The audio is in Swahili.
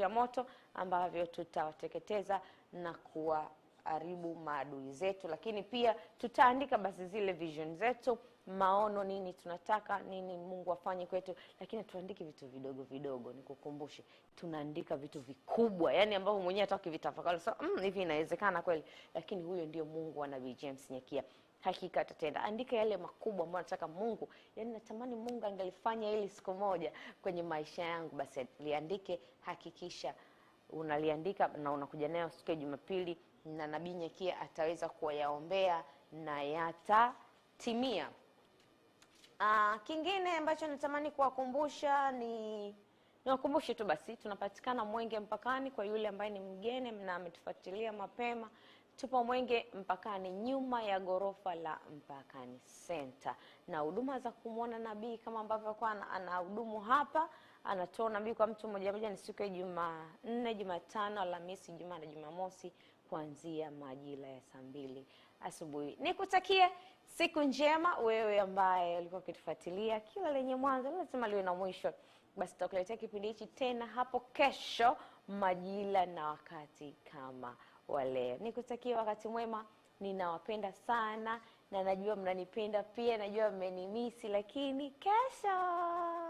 vya moto ambavyo tutawateketeza na kuwaharibu maadui zetu, lakini pia tutaandika basi zile vision zetu, maono, nini tunataka, nini Mungu afanye kwetu, lakini tuandike vitu vidogo vidogo. Nikukumbushe, tunaandika vitu vikubwa, yani ambavyo mwenyewe hata ukivitafakari so, mm, hivi inawezekana kweli, lakini huyo ndio Mungu wa Nabii James Nyekia hakika atatenda. Andika yale makubwa ambayo nataka Mungu, yani natamani Mungu angelifanya hili siku moja kwenye maisha yangu, basi liandike, hakikisha unaliandika na unakuja nayo siku ya Jumapili, na nabii Nyakia ataweza kuwayaombea na yatatimia. Ah, kingine ambacho natamani kuwakumbusha ni niwakumbushe tu basi, tunapatikana Mwenge Mpakani kwa yule ambaye ni mgeni na ametufuatilia mapema Tupo Mwenge Mpakani, nyuma ya ghorofa la Mpakani Center, na huduma za kumwona nabii kama ambavyo kwa anahudumu hapa, anatoa nabii kwa mtu mmoja mmoja, ni siku ya Jumanne, Jumatano, Alhamisi, jumaa na Jumamosi kuanzia majira ya saa mbili asubuhi. Nikutakie siku njema, wewe ambaye ulikuwa ukitufuatilia. Kila lenye mwanzo lazima liwe na mwisho. Basi tutakuletea kipindi hichi tena hapo kesho majira na wakati kama wa leo. Nikutakie wakati mwema, ninawapenda sana na najua mnanipenda pia, najua mmenimisi, lakini kesho